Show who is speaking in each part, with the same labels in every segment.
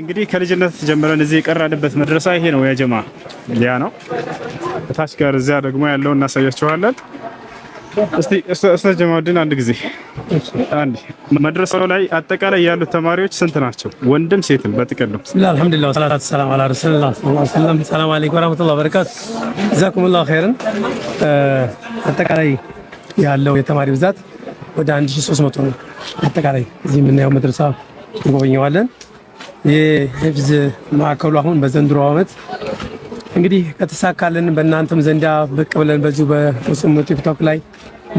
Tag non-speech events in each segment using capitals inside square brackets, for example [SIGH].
Speaker 1: እንግዲህ ከልጅነት ጀምረን እዚህ የቀራንበት መድረሳ ይሄ ነው። ያጀማ ያ ነው። ታች ጋር እዚያ ደግሞ ያለውን እናሳያችኋለን። እስቲ እስቲ ጀማውዲን አንድ ጊዜ አንድ መድረሳው ላይ አጠቃላይ ያሉት ተማሪዎች ስንት ናቸው? ወንድም ሴትም በጥቅሉ
Speaker 2: ብስሚላህ አልሐምዱሊላህ ወሰላቱ ወሰላሙ ዐላ ረሱሊላህ ሰላም ሰላም አለይኩም ወራህመቱላሂ ወበረካቱ ጀዛኩሙላሁ ኸይረን። አጠቃላይ ያለው የተማሪ ብዛት ወደ 1300 ነው። አጠቃላይ እዚህ የምናየው መድረሳ እንጎበኘዋለን። የህፍዝ ማዕከሉ አሁን በዘንድሮ ዓመት እንግዲህ ከተሳካልን በእናንተም ዘንዳ ብቅ ብለን በዚሁ በቁስሙ ቲክቶክ ላይ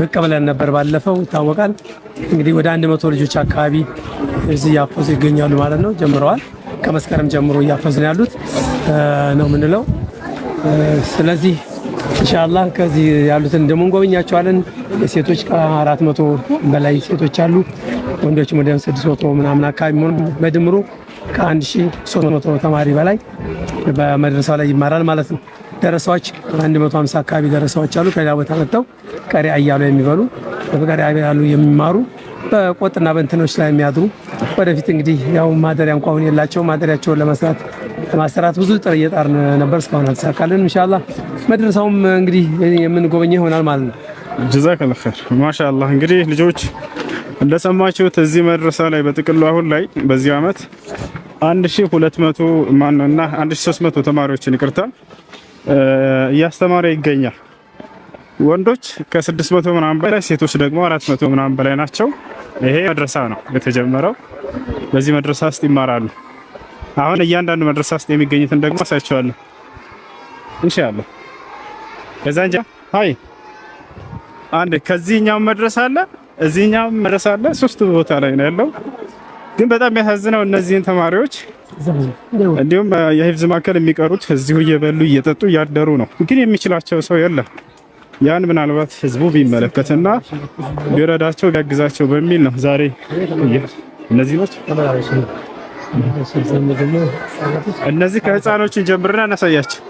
Speaker 2: ብቅ ብለን ነበር ባለፈው ይታወቃል። እንግዲህ ወደ አንድ መቶ ልጆች አካባቢ እዚህ እያፈዙ ይገኛሉ ማለት ነው። ጀምረዋል። ከመስከረም ጀምሮ እያፈዙ ነው ያሉት ነው የምንለው። ስለዚህ ኢንሻአላህ ከዚህ ያሉትን ደግሞ እንጎበኛቸዋለን። የሴቶች ከአራት መቶ በላይ ሴቶች አሉ። ወንዶች ወደ ስድስት መቶ ምናምን አካባቢ በድምሩ ከአንድ ሺ ሶስት መቶ ተማሪ በላይ በመድረሳው ላይ ይማራል ማለት ነው። ደረሳዎች 150 አካባቢ ደረሳዎች አሉ። ከሌላ ቦታ መጥተው ቀሪ አያሉ የሚበሉ ቀሪ አያሉ የሚማሩ በቆጥና በእንትኖች ላይ የሚያድሩ ወደፊት እንግዲህ ያው ማደሪያ እንኳ የላቸው ማደሪያቸውን ለመስራት ለማሰራት ብዙ ጥር እየጣርን ነበር፣ እስካሁን አልተሳካልን። እንሻላ መድረሳውም እንግዲህ የምንጎበኘ ይሆናል ማለት ነው።
Speaker 1: ጀዛከላ ኸይር ማሻላ። እንግዲህ ልጆች እንደሰማችሁት እዚህ መድረሳ ላይ በጥቅሉ አሁን ላይ በዚህ ዓመት 1200 ማነው እና መቶ ተማሪዎችን ይቅርታ እያስተማረ ይገኛል። ወንዶች ከ600 ምናምን በላይ ሴቶች ደግሞ 400 ምናምን በላይ ናቸው። ይሄ መድረሳ ነው የተጀመረው። በዚህ መድረሳ ውስጥ ይማራሉ። አሁን እያንዳንዱ መድረሳ ውስጥ የሚገኙትን ደግሞ አሳያቸዋለሁ እንሻለሁ ከዛን አይ አንድ ከዚህኛው መድረሳ አለ፣ እዚህኛው መድረሳ አለ። ሶስት ቦታ ላይ ነው ያለው። ግን በጣም የሚያሳዝነው እነዚህን ተማሪዎች እንዲሁም የህብዝ ማዕከል የሚቀሩት እዚሁ እየበሉ እየጠጡ እያደሩ ነው። ግን የሚችላቸው ሰው የለም። ያን ምናልባት ህዝቡ ቢመለከትና ቢረዳቸው ቢያግዛቸው በሚል ነው ዛሬ እነዚህ እነዚህ ከህፃኖችን ጀምርና እናሳያቸው።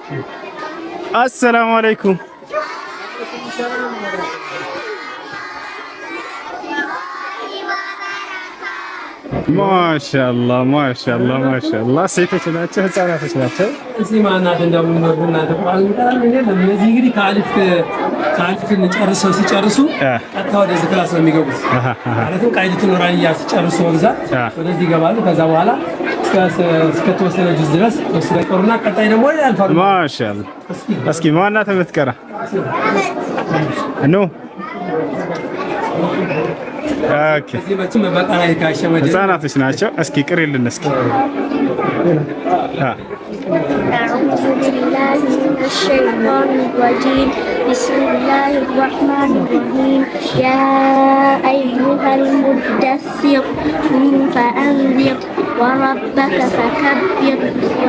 Speaker 1: አሰላሙ አለይኩም ማሻላ ማሻላ ማሻላ ሴቶች ናቸው፣ ህጻናቶች ናቸው።
Speaker 2: እዚህ ማናት እንደምንወዱ እናንተ እነዚህ እንግዲህ ከአሊፍ ከአሊፍን ጨርሰው ሲጨርሱ ቀጥታ ወደዚህ ክላስ ነው የሚገቡት። ማለትም ቃይደቱን ኑራንያ ሲጨርሱ በብዛት ወደዚህ ይገባሉ። ከዛ በኋላ እስከተወሰነ ጁዝ ድረስ ወስደ ይቀሩና ቀጣይ ደግሞ ያልፋሉ።
Speaker 1: ማሻላ እስኪ ማናት የምትቀራ ኖ ህጻናቶች ናቸው። እስኪ ቅሪልን እስኪ ቢስሚላህ ራህማን ራሂም ያ አዩሃል ፈከብር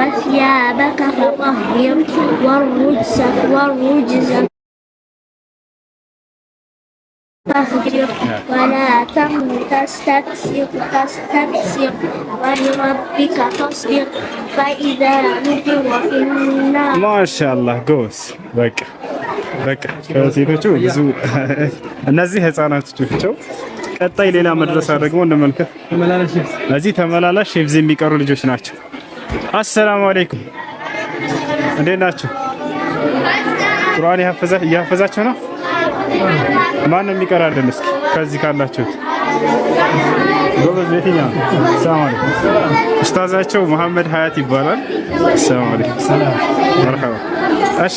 Speaker 1: ወስያበከ ፈጠሂር ወሩጅዘ واهجر ولا تمن تستكثر تستكثر ولربك فاصبر فإذا نقر في ጎስ በቃ በቃ ሴቶቹ ብዙ [LAUGHS] እነዚህ ህፃናት ቀጣይ ሌላ መድረሳ ደግሞ እንመልከት። እዚህ ተመላላሽ ሼፍዝ የሚቀሩ ልጆች ናቸው። አሰላሙ አለይኩም እንዴት ናቸው? ቁርአን እያፈዛችሁ ነው? ማነው የሚቀራልን? እስኪ ከዚህ ካላችሁት ጎበዝ የትኛው? ሰላም አለይኩም። ኡስታዛቸው መሐመድ ሀያት ይባላል። ሰላም አለይኩም። ሰላም መርሐባ። እሺ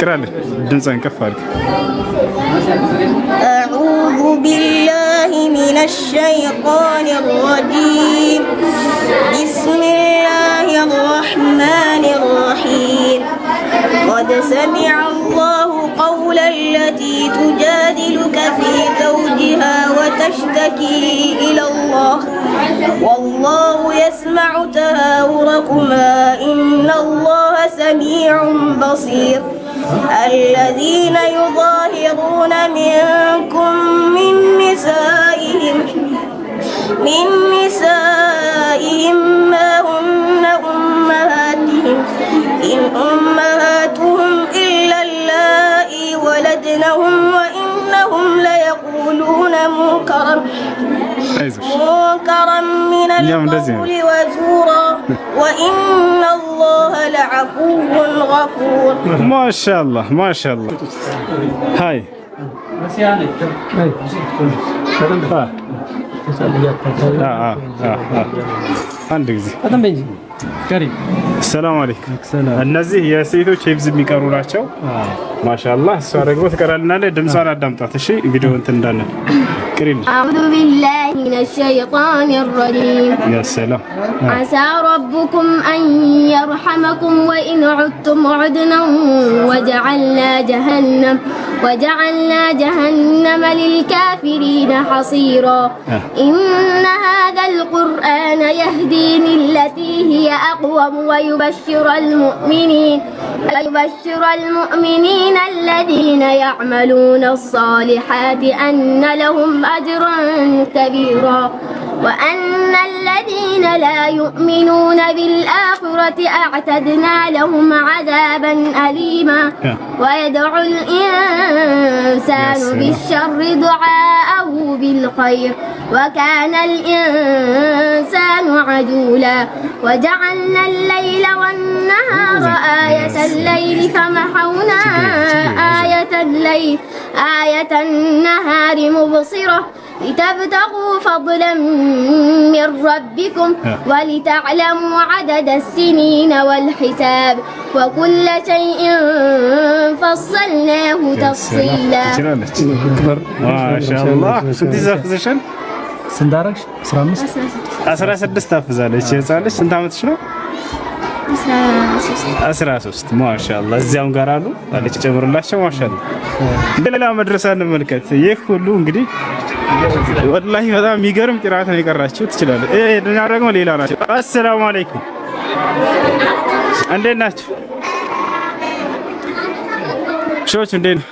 Speaker 1: ቅራልን፣ ድምፅህን ከፍ አድርግ።
Speaker 3: አዑዙ ቢላሂ ሚነ ሸይጣን ረጂም ቢስሚላሂ ረሕማን ረሒም ቀድ ሰሚዐ አላሁ التي تجادلك في زوجها وتشتكي إلى الله والله يسمع تهاوركما إن الله سميع بصير الذين يظاهرون منكم من نسائهم من نسائهم ما هن أمهاتهم إن أمهاتهم إلا ولدنهم وإنهم ليقولون منكرا منكرا من القول وزورا وإن الله لعفو غفور
Speaker 1: ما شاء الله ما شاء الله هاي አንድ ጊዜ ሰላም አለይኩም። እነዚህ የሴቶች ሂፍዝ የሚቀሩ ናቸው። ማሻአላህ። እሷ ደግሞ ትቀራልናለች። ድምጿን አዳምጣት እሺ። ቪዲዮ እንትን እንዳለን كريم
Speaker 3: أعوذ بالله من الشيطان الرجيم يا سلام نعم. عسى ربكم أن يرحمكم وإن عدتم عدنا وجعلنا جهنم وجعلنا جهنم للكافرين حصيرا آه. إن هذا القرآن يهدي للتي هي أقوم ويبشر المؤمنين ويبشر المؤمنين الذين يعملون الصالحات أن لهم أجرا كبيرا وأن الذين لا يؤمنون بالآخرة أعتدنا لهم عذابا أليما ويدعو الإنسان بالشر دعاءه بالخير وكان الإنسان عجولا وجعلنا الليل والنهار آية الليل فمحونا آية الليل آية النهار مبصرة لتبتغوا فضلا من ربكم ولتعلموا عدد السنين والحساب وكل شيء فصلناه تفصيلا
Speaker 1: ما شاء الله ስትይዛፍዘሻል ስንት አደረግሽ? 15 أسرع አፍዛለች። የህፃን ልጅ ስንት ዓመትሽ ነው? 13 ማሻአላ እዚያም ጋር አሉ አለች ጨምርላቸው። ማሻአላ እንደሌላ መድረሳ እንመልከት። ይህ ሁሉ እንግዲህ ወላሂ በጣም የሚገርም ጥራት ነው የቀራችሁ ትችላለህ። እህ ደና ደግሞ ሌላ ናቸው። አሰላሙ አለይኩም እንዴት ናችሁ? ሾች እንዴት ነው?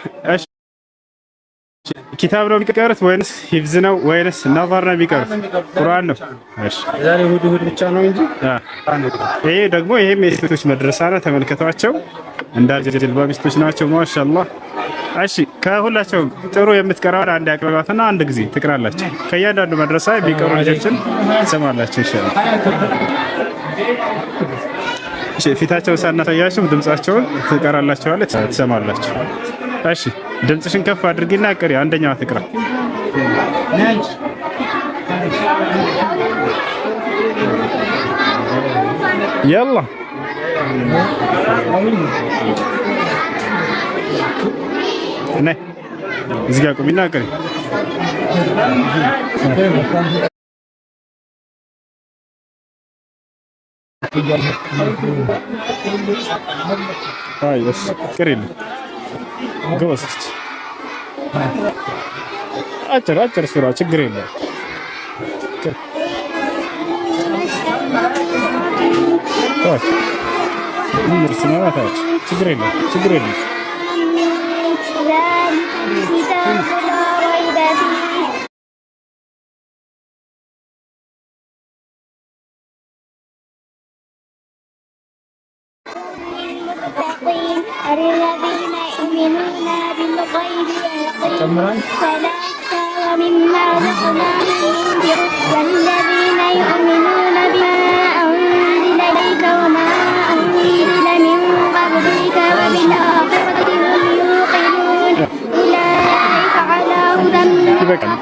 Speaker 1: ኪታብ ነው የሚቀርት ወይንስ ሂብዝ ነው ወይንስ ነቨር ነው የሚቀርት? ቁርአን ነው። እሺ ዛሬ እሑድ እሑድ ብቻ ነው እንጂ ይሄ ደግሞ ይሄም የሴቶች መድረሳ ነው። ተመልከቷቸው፣ እንዳልጀ ሚስቶች ናቸው። ማሻአላህ። እሺ ከሁላቸውም ጥሩ የምትቀራውን አንድ ያቅርባትና አንድ ጊዜ ትቅራላቸው ከእያንዳንዱ መድረሳ የሚቀሩ ልጆችን ትሰማላችሁ ኢንሻአላህ። እሺ ፊታቸውን ሳናሳያችሁ ድምጻቸውን ትቀራላችኋለች፣ ትሰማላችሁ። እሺ ድምፅሽን ከፍ አድርጊና ቅሪ። አንደኛዋ ትቅራ። የላ ነይ እዚህ ጋ ቁሚና ቅሪ። ቅሪልኝ ገወስች አጭር አጭር ስራ ችግር የለም። ችግር የለም። ችግር የለም።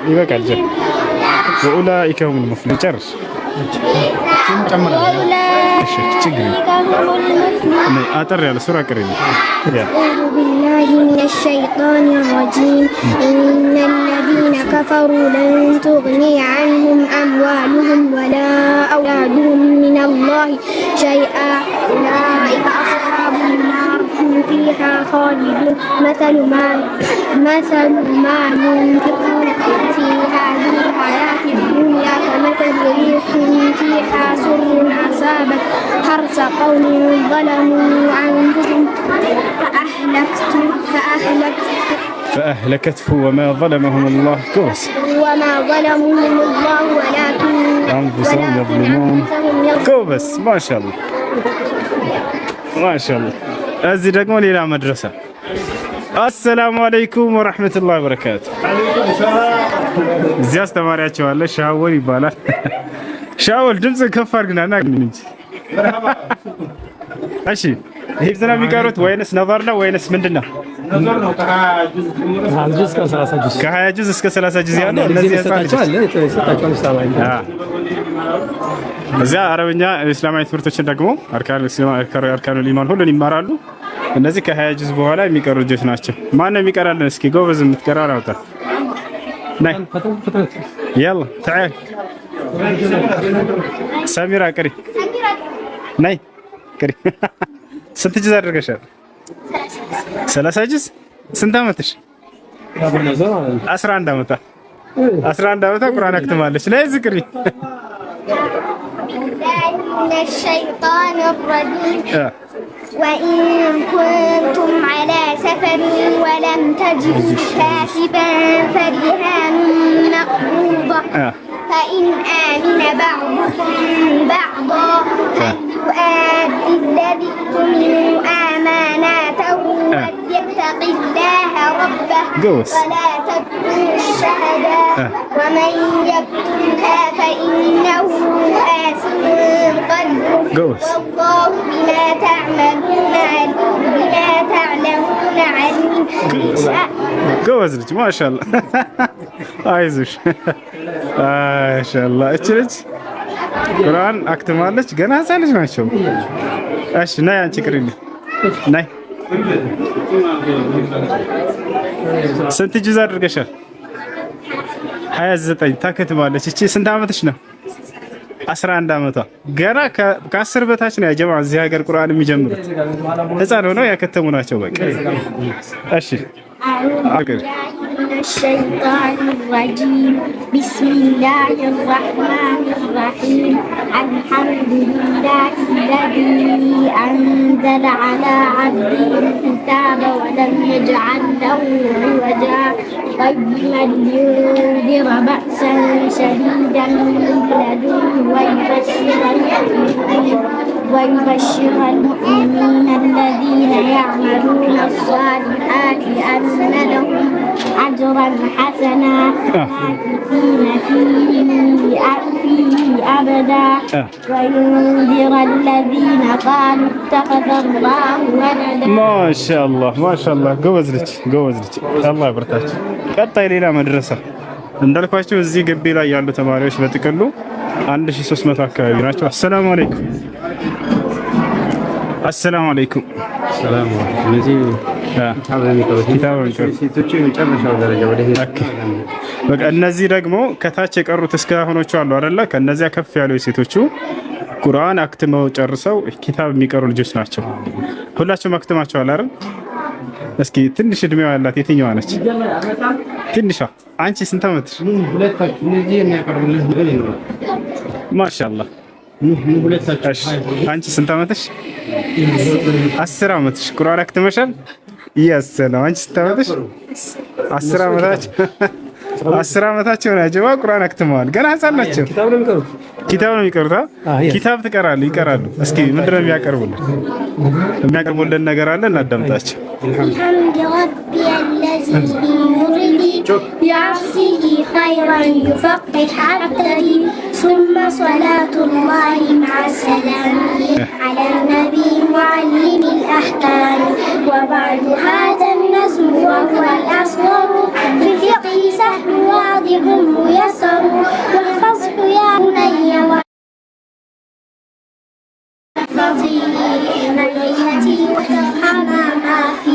Speaker 1: ሊበቃ ጀ ወኡላኢከ ሁም ልሙፍሊሑን ጨርስ። አጠር ያለ ሱራ ቅሪ። አዑዙ ቢላሂ ሚነ ሸይጣኒ ረጂም ኢነ ለዚነ ከፈሩ ለን ቱግኒ ዐንሁም አምዋሉሁም ወላ አውላዱሁም ሚነ ላሂ ሸይአ ኡላኢከ አስሓቡ ናር ሁም ፊሃ ኻሊዱን። መሰሉ ማ في هذه الحياة الدنيا كمثل ريح فيها سر أصابت حرص قوم ظلموا أنفسهم فأهلكت فأهلكت فأهلكته وما ظلمهم الله كوس وما ظلمهم الله ولكن أنفسهم يظلمون كوبس ما شاء الله ما شاء الله أزيدكم إلى مدرسة አሰላሙ አለይኩም ወረህመቱላሂ ወበረካቱ። እዚህ አስተማሪያቸው አለ ሻወል ይባላል። ሻወል ድምፅ ከፍ አድርግና እንጂ። እሺ ሂፍዝ ነው የሚቀሩት ወይንስ ነበር ነው ወይንስ ምንድን ነው? ከሀያ ጁዝ እስከ ሰላሳ ጁዝ ያለው እነዚህ እዚያ አረብኛ፣ እስላማዊ ትምህርቶችን ደግሞ አርካኑል ኢማን ሁሉን ይማራሉ። እነዚህ ከሀያ ጁዝ በኋላ የሚቀሩ ልጆች ናቸው። ማነው የሚቀራለን? እስኪ ጎበዝ የምትቀራ አውጣ። ነይ ያላ ተዓል ሰሚራ ቅሪ፣ ናይ ቅሪ። [LAUGHS] ስንት ጁዝ አድርገሻል? ሰላሳ ጁዝ። ስንት አመትሽ? አስራ አንድ አመታ አስራ አንድ አመታ ቁርአን አክትማለች። ላይ ዝቅሪ [LAUGHS] وإن كنتم على سفر ولم تجدوا كاتبا فرهان مقبوضة آه. فإن آمن بعضكم بعضا آه. فليؤدي الذي اؤتمن أماناته آه. وليتق الله ربه ولا تكن الشهداء ومن يكتمها فإنه آثم قلبه ጎበዝ ልጅ ማሻላ፣ አይዞሽ ማሻላ። እች ልጅ ቁርአን አክትማለች። ገና ህፃን ልጅ ናቸው። እሺ ናይ አንቺ ቅሪል ናይ ስንት ጁዝ አድርገሻል? 29 ታከትማለች። እቺ ስንት አመትሽ ነው? 11 አመቷ ገና ከአስር በታች ነው ያጀማ እዚህ ሀገር ቁርአን የሚጀምሩት ህፃን ሆነው ያከተሙ ናቸው። በቃ እሺ። አሸይጣን شهيدا من لدنه ويبشر المؤمنين ويبشر المؤمنين الذين يعملون الصالحات أن لهم أجرا حسنا ماكثين فيه فيه أبدا وينذر الذين قالوا اتخذ الله ولدا ما شاء الله ما شاء الله جوزلك جوزلك الله يبارك الله لي الى مدرسه እንዳልኳቸው እዚህ ግቢ ላይ ያሉ ተማሪዎች በጥቅሉ 1300 አካባቢ ናቸው። አሰላሙ አለይኩም አሰላሙ አለይኩም። በቃ እነዚህ ደግሞ ከታች የቀሩት እስካሁኖቹ አሉ አይደለ? ከነዚያ ከፍ ያሉ የሴቶቹ ቁርአን አክትመው ጨርሰው ኪታብ የሚቀሩ ልጆች ናቸው። ሁላችሁም አክትማችኋል አይደል? እስኪ ትንሽ እድሜዋ ያላት የትኛዋ ነች? ትንሿ። አንቺ ስንት አመትሽ? ማሻአላህ። አንቺ ስንት አመትሽ? አስር አመትሽ። ቁርአን አክትመሻል? እያሰ ነው። አንቺ ስንት አመትሽ? አስር አመታች አስር ዓመታቸው ናቸው። ቁርአን አክትመዋል። ገና ህፃን ናቸው። ኪታብ ነው የሚቀሩት። ኪታብ ነው ትቀራሉ፣ ይቀራሉ። እስኪ ምንድን ነው የሚያቀርቡልን? የሚያቀርቡልን ነገር አለ፣ እናዳምጣቸው። ሱመ هو الأصغر في الفقه سهل واضح ميسر واحفظه يا بني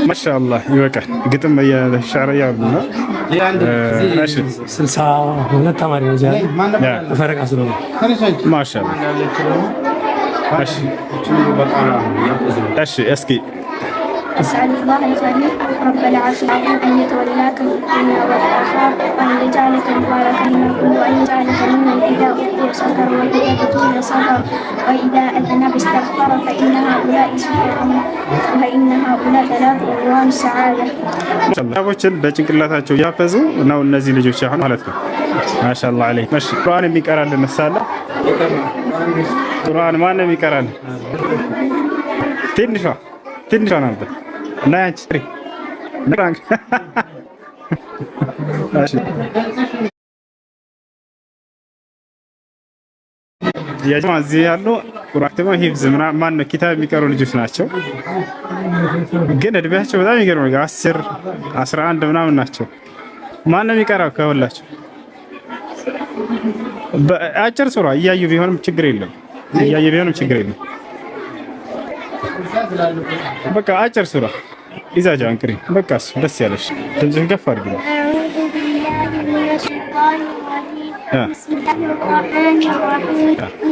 Speaker 1: ما شاء الله يوكا قتم يا الشعر يا ابن
Speaker 2: آه، عشر سلسة هنا تمارين ما
Speaker 1: فرق أصلا ما شاء الله أسكي أسأل الله الغني رب العرش العظيم أن يتولاك في الدنيا والآخرة وأن يجعلك مباركا لما كنت وأن يجعلك ممن إذا أوتي شكر وإذا بطل صبر وإذا أذنب استغفر فإن هؤلاء سبحان فإن هؤلاء ثلاث أبواب السعادة ሰዎችን በጭንቅላታቸው እያፈዙ ነው እነዚህ ልጆች አሁን ማለት ነው። ማሻላ አለ መሽ ቁርአን የሚቀራል መሳለ ቁርአን ማን የሚቀራል? ትንሿ ትንሿ ነበር እና ያንቺ እዚህ ያሉ ኪታብ የሚቀሩ ልጆች ናቸው፣ ግን እድሜያቸው በጣም የሚገርም ነው። አስር አስራ አንድ ምናምን ናቸው። የሚቀራው ከሁላቸው? አጭር ሱራ እያዩ ቢሆንም ችግር የለም። ቢሆንም ችግር የለም። በቃ አጭር ሱራ ኢዛጅ አንቅሪ በቃ እሱ ደስ ያለሽ ድምፅሽን ከፍ አድርጊ